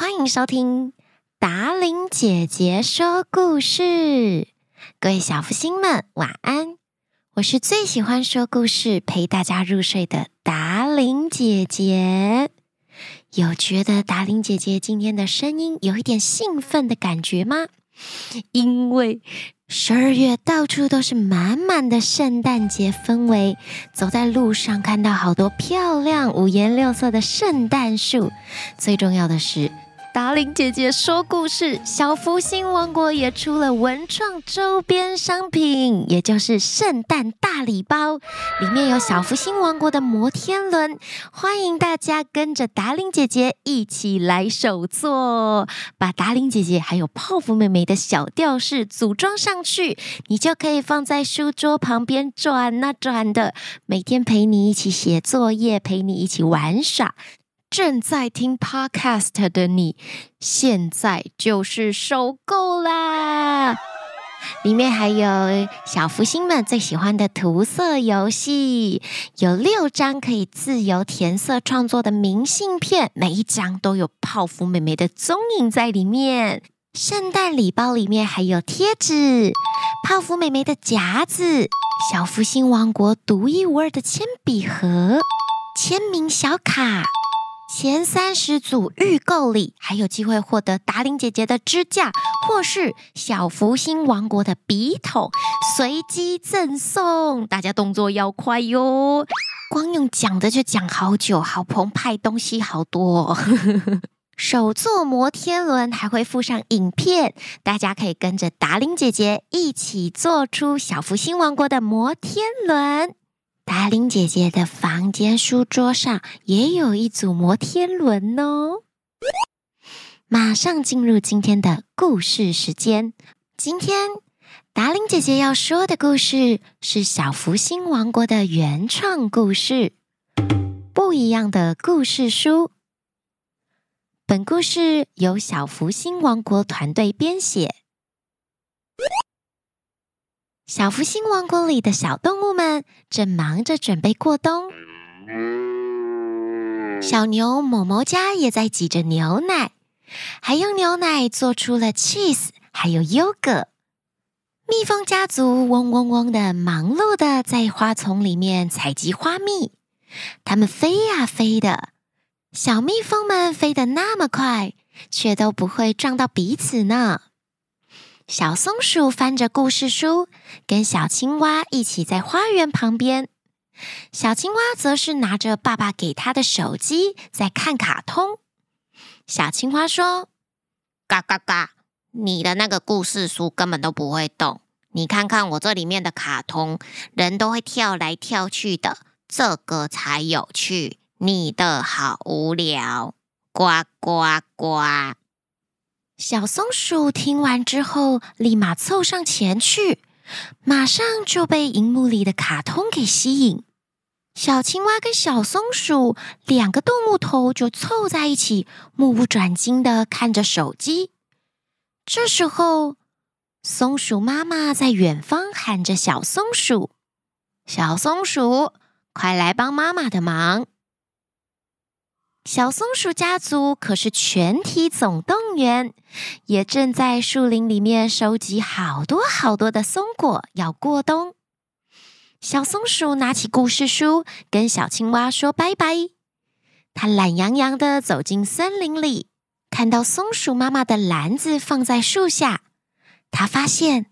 歡迎收聽達伶姐姐說故事，各位小福星們晚安！我是最喜歡說故事陪大家入睡的達伶姐姐。有覺得達伶姐姐今天的聲音有一點興奮的感覺嗎？因為十二月到處都是滿滿的聖誕節氛圍，走在路上看到好多漂亮五顏六色的聖誕樹，最重要的是。達伶姐姐說故事，小芙星王國也出了文創周邊商品，也就是聖誕大禮包，裡面有小芙星王國的摩天輪。歡迎大家跟着達伶姐姐一起來手做，把達伶姐姐還有泡芙妹妹的小吊飾組裝上去，你就可以放在書桌旁邊轉啊轉的，每天陪你一起寫作業，陪你一起玩耍。正在聽 Podcast 的你，現在就是收購啦！裡面還有小芙星們最喜歡的塗色遊戲，有六張可以自由填色創作的明信片，每一張都有泡芙妹妹的蹤影在裡面。聖誕禮包裡面還有貼紙、泡芙妹妹的夾子、小芙星王國獨一無二的鉛筆盒、簽名小卡。前三十組預購裡，還有機會獲得達伶姐姐的支架，或是小福星王國的筆筒，隨機贈送。大家動作要快喲！光用講的就講好久，好澎湃，東西好多，哦。手作摩天輪還會附上影片，大家可以跟着達伶姐姐一起做出小福星王國的摩天輪。達伶姐姐的房間書桌上也有一組摩天輪哦。馬上進入今天的故事時間。今天達伶姐姐要說的故事是小芙星王國的原創故事，《不一樣的故事書》。本故事由小芙星王國團隊編寫。小芙星王國裡的小動物們正忙着準備過冬。小牛某某家也在擠着牛奶，還用牛奶做出了 cheese，還有 yogurt。蜜蜂家族嗡嗡嗡的忙碌的在花叢裡面採集花蜜，它們飛呀、啊、飛的，小蜜蜂們飛得那麼快，卻都不會撞到彼此呢。小松鼠翻着故事書，跟小青蛙一起在花園旁邊。小青蛙則是拿着爸爸給他的手機在看卡通。小青蛙說：“嘎嘎嘎，你的那個故事書根本都不會動，你看看我這裡面的卡通，人都會跳來跳去的，這個才有趣。你的好無聊，呱呱呱。”小松鼠聽完之後，立馬湊上前去，馬上就被熒幕裡的卡通給吸引。小青蛙跟小松鼠兩個動物頭就湊在一起，目不轉睛的看着手機。這時候，松鼠媽媽在遠方喊着：“小松鼠，小松鼠，快來幫媽媽的忙！”小松鼠家族可是全體總動員，也正在樹林裡面收集好多好多的松果，要過冬。小松鼠拿起故事書，跟小青蛙說拜拜。它懶洋洋地走進森林裡，看到松鼠媽媽的籃子放在樹下，它發現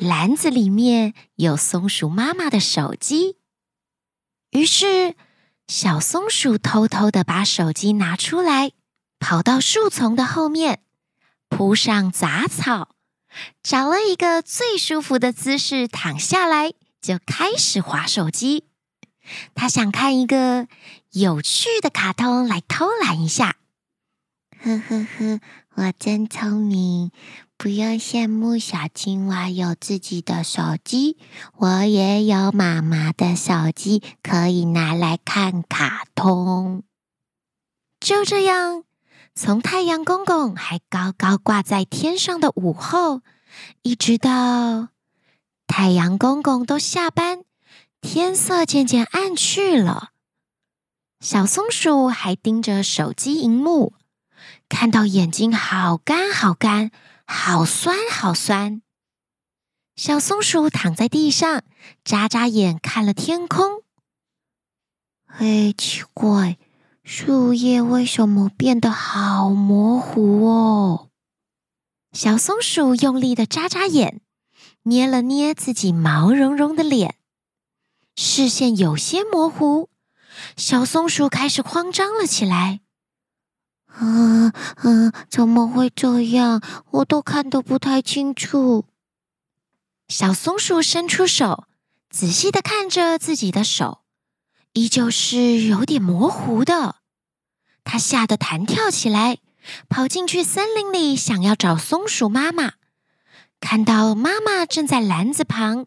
籃子裡面有松鼠媽媽的手機，於是。小松鼠偷偷地把手機拿出來，跑到樹叢的後面，鋪上雜草，找了一個最舒服的姿勢躺下來，就開始滑手機。他想看一個有趣的卡通來偷懶一下。呵呵呵，我真聰明。不用羨慕小青蛙有自己的手機，我也有媽媽的手機，可以拿來看卡通。就這樣，從太陽公公還高高掛在天上的午後，一直到太陽公公都下班，天色漸漸暗去了。小松鼠還盯着手機熒幕，看到眼睛好乾好乾。好酸，好酸！小松鼠躺在地上，眨眨眼，看了天空。嘿，奇怪，樹葉為什麼變得好模糊哦？小松鼠用力的眨眨眼，捏了捏自己毛茸茸的臉，視線有些模糊。小松鼠開始慌張了起來。啊、嗯、啊、嗯！怎麼會這樣？我都看得不太清楚。小松鼠伸出手，仔細的看着自己的手，依舊是有點模糊的。它嚇得彈跳起來，跑進去森林裡，想要找松鼠媽媽。看到媽媽正在籃子旁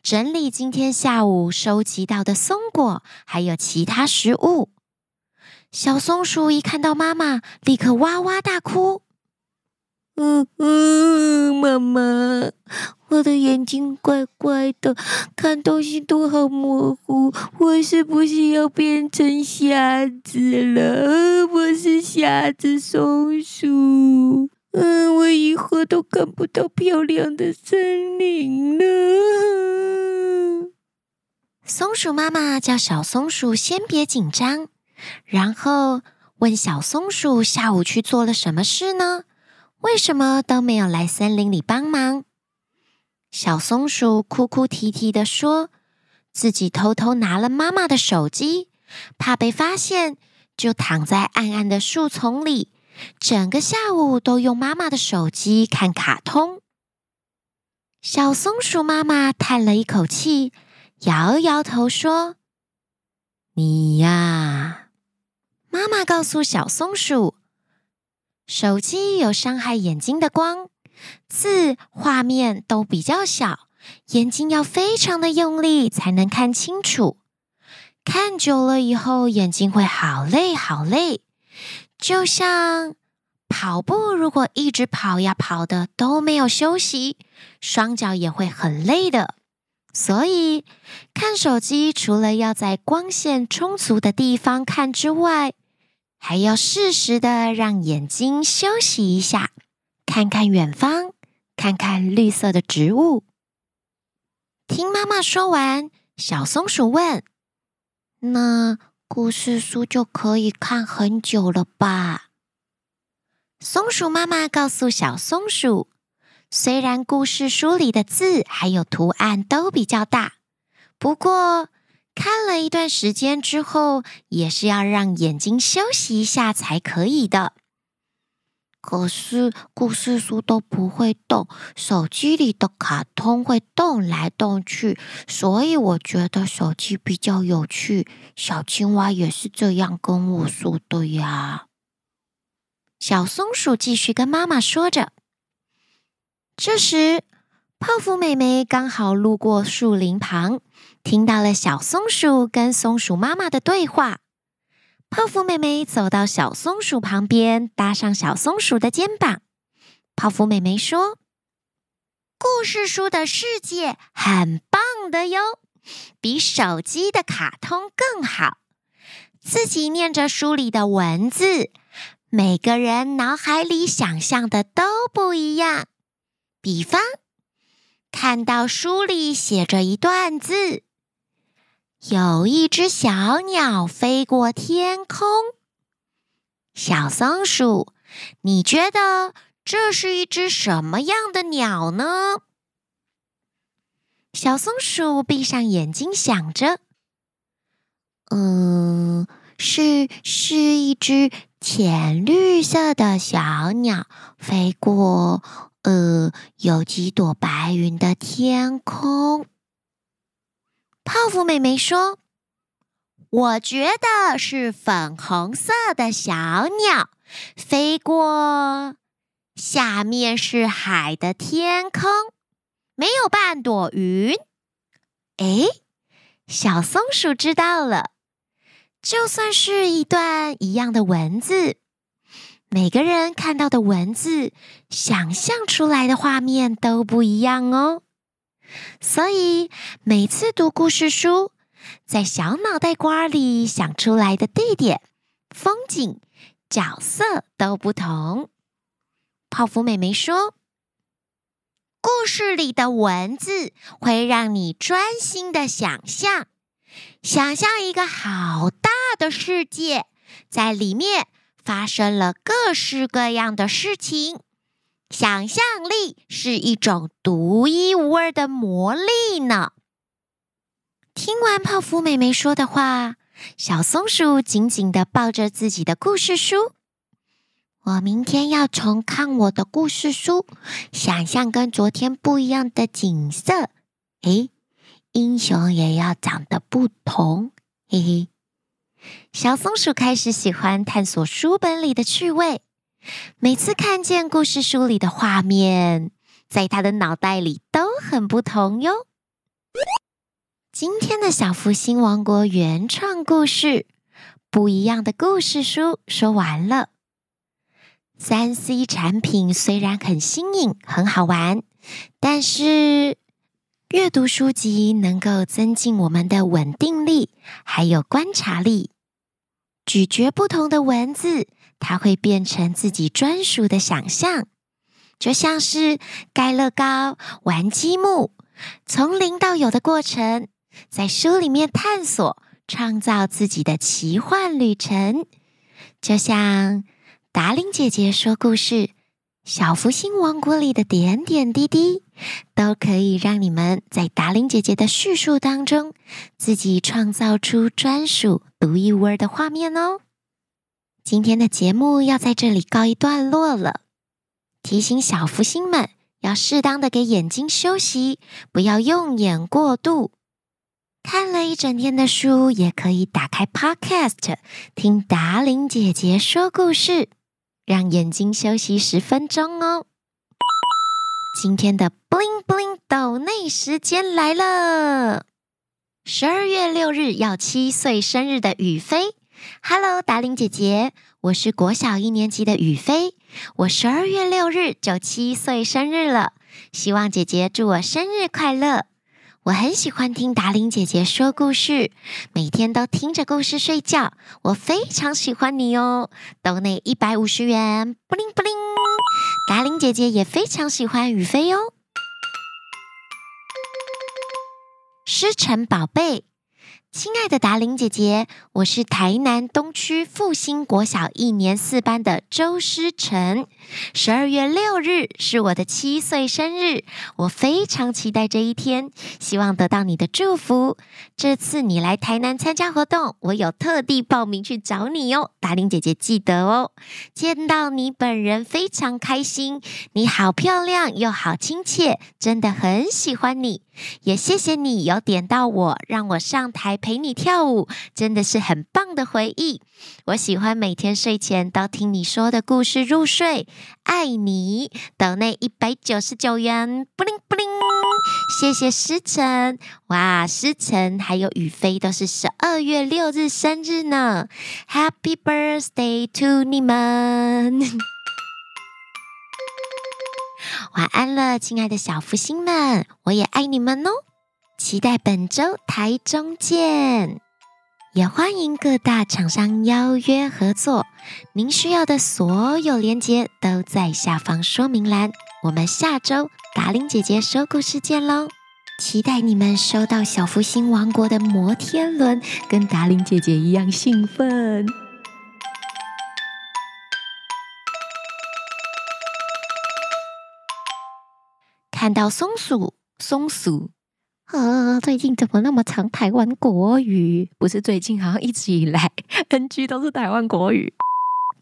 整理今天下午收集到的松果，還有其他食物。小松鼠一看到媽媽，立刻哇哇大哭。嗯嗯，媽媽，我的眼睛怪怪的，看東西都好模糊。我是不是要變成瞎子了？我是瞎子松鼠。嗯，我以後都看不到漂亮的森林了。松鼠媽媽叫小松鼠先別緊張。然後問小松鼠：“下午去做了什麼事呢？為什麼都沒有來森林裡幫忙？”小松鼠哭哭啼啼地說：“自己偷偷拿了媽媽的手機，怕被發現，就躺在暗暗的樹叢裡，整個下午都用媽媽的手機看卡通。”小松鼠媽媽嘆了一口氣，搖搖頭說：“你呀。”媽媽告訴小松鼠：“手機有傷害眼睛的光，字畫面都比較小，眼睛要非常的用力才能看清楚。看久了以後，眼睛會好累好累。就像跑步，如果一直跑呀跑的都沒有休息，雙腳也會很累的。所以，看手機除了要在光線充足的地方看之外，”還要適時的讓眼睛休息一下，看看遠方，看看綠色的植物。聽媽媽說完，小松鼠問：“那故事書就可以看很久了吧？”松鼠媽媽告訴小松鼠：“雖然故事書裡的字還有圖案都比較大，不過……”看了一段時間之後，也是要讓眼睛休息一下才可以的。可是故事書都不會動，手機裡的卡通會動來動去，所以我覺得手機比較有趣。小青蛙也是這樣跟我說的呀。小松鼠繼續跟媽媽說着。這時，泡芙妹妹剛好路過樹林旁。聽到了小松鼠跟松鼠媽媽的對話，泡芙妹妹走到小松鼠旁邊，搭上小松鼠的肩膀。泡芙妹妹說：“故事書的世界很棒的喲，比手機的卡通更好。自己念着書裡的文字，每個人腦海裡想象的都不一樣。比方，看到書裡寫着一段字。”有一隻小鳥飛過天空。小松鼠，你覺得這是一隻什麼樣的鳥呢？小松鼠閉上眼睛想着：“嗯、呃，是是一只淺綠色的小鳥飛過，呃，有幾朵白雲的天空。”泡芙妹妹說：“我覺得是粉紅色的小鳥飛過，下面是海的天空，沒有半朵雲。”誒，小松鼠知道了，就算是一段一樣的文字，每個人看到的文字、想象出來的畫面都不一樣哦。所以每次讀故事書，在小腦袋瓜裡想出來的地點、風景、角色都不同。泡芙妹妹說，故事裡的文字會讓你專心的想象，想象一個好大的世界，在裡面發生了各式各樣的事情。想象力是一種獨一無二的魔力呢。聽完泡芙妹妹說的話，小松鼠緊緊的抱着自己的故事書。我明天要重看我的故事書，想象跟昨天不一樣的景色。誒，英雄也要長得不同，嘿嘿。小松鼠開始喜歡探索書本裡的趣味。每次看見故事書裡的畫面，在他的腦袋裡都很不同喲。今天的小芙星王國原創故事，不一樣的故事書說完了。三 C 產品雖然很新穎、很好玩，但是閱讀書籍能夠增進我們的穩定力，還有觀察力，咀嚼不同的文字。它會變成自己專屬的想象，就像是蓋樂高、玩積木、從零到有的過程，在書裡面探索、創造自己的奇幻旅程。就像達伶姐姐說故事，《小芙星王國》裡的點點滴滴，都可以讓你們在達伶姐姐的敘述當中，自己創造出專屬、獨一無二的畫面哦。今天的節目要在這裡告一段落了。提醒小芙星們要適當的給眼睛休息，不要用眼過度。看了一整天的書，也可以打開 Podcast 聽達伶姐姐說故事，讓眼睛休息十分鐘哦。今天的 Bling Bling 抖內時間來了。十二月六日要七歲生日的雨飛。Hello，達伶姐姐，我是國小一年級的雨飛，我十二月六日就七歲生日了，希望姐姐祝我生日快樂。我很喜歡聽達伶姐姐說故事，每天都聽着故事睡覺，我非常喜歡你哦。抖內一百五十元，布靈布靈。達伶姐姐也非常喜歡雨飛哦。詩晨寶貝。親愛的達伶姐姐，我是台南東區復興國小一年四班的周詩晨。十二月六日是我的七歲生日，我非常期待這一天，希望得到你的祝福。這次你來台南參加活動，我有特地報名去找你哦，達伶姐姐記得哦。見到你本人非常開心，你好漂亮又好親切，真的很喜歡你。也謝謝你有點到我，讓我上台陪你跳舞，真的是很棒的回憶。我喜歡每天睡前都聽你說的故事入睡，愛你。抖內一百九十九元，Bling Bling。謝謝師承，哇，師承還有雨飛都是十二月六日生日呢，Happy birthday to 你們！晚安了，親愛的小福星們，我也愛你們哦！期待本周台中見，也歡迎各大廠商邀約合作。您需要的所有鏈接都在下方說明欄。我們下周達伶姐姐說故事見嘍，期待你們收到小福星王國的摩天輪，跟達伶姐姐一樣興奮。看到松鼠，松鼠，啊、哦！最近怎麼那麼常台灣國語？不是最近，好像一直以來 NG 都是台灣國語。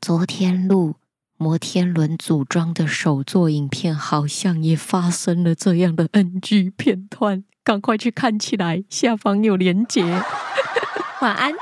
昨天錄摩天輪組裝的手作影片，好像也發生了這樣的 NG 片段，趕快去看起來，下方有連結。 晚安。